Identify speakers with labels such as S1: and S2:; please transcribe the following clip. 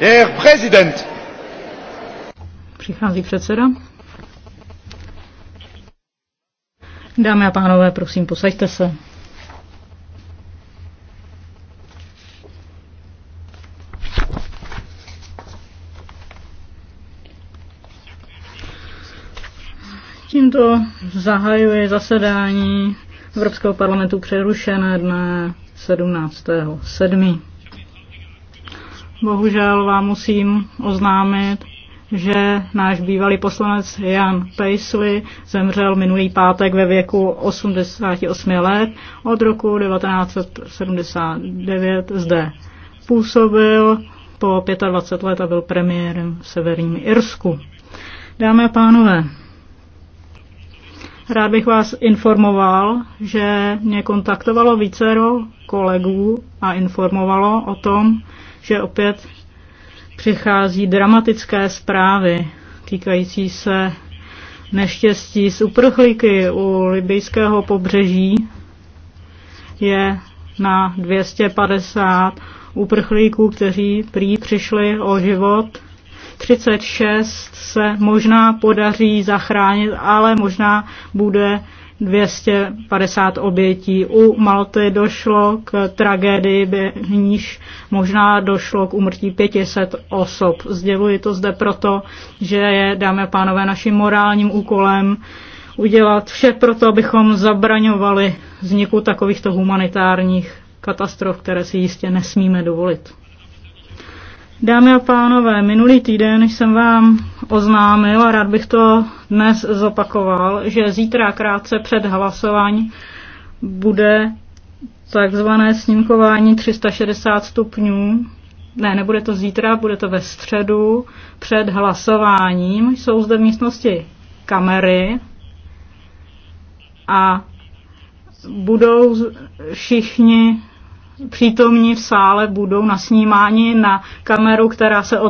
S1: Herr Präsident. Přichází předseda. Dámy a pánové, prosím, posaďte se. Tímto zahajuje zasedání Evropského parlamentu přerušené dne 7. Bohužel vám musím oznámit, že náš bývalý poslanec Jan Paisley zemřel minulý pátek ve věku 88 let. Od roku 1979 zde působil po 25 let a byl premiérem v Severním Irsku. Dámy a pánové, rád bych vás informoval, že mě kontaktovalo vícero kolegů a informovalo o tom, že opět přichází dramatické zprávy týkající se neštěstí z uprchlíky u libijského pobřeží. Je na 250 uprchlíků, kteří prý přišli o život. 36 se možná podaří zachránit, ale možná bude 250 obětí. U Malty došlo k tragédii, by níž možná došlo k umrtí 500 osob. Sděluji to zde proto, že je, dámy a pánové, naším morálním úkolem udělat vše proto, abychom zabraňovali vzniku takovýchto humanitárních katastrof, které si jistě nesmíme dovolit. Dámy a pánové, minulý týden jsem vám oznámil a rád bych to dnes zopakoval, že zítra krátce před hlasování bude takzvané snímkování 360 stupňů. Ne, nebude to zítra, bude to ve středu před hlasováním. Jsou zde v místnosti kamery a budou všichni přítomní v sále budou nasnímáni na kameru, která se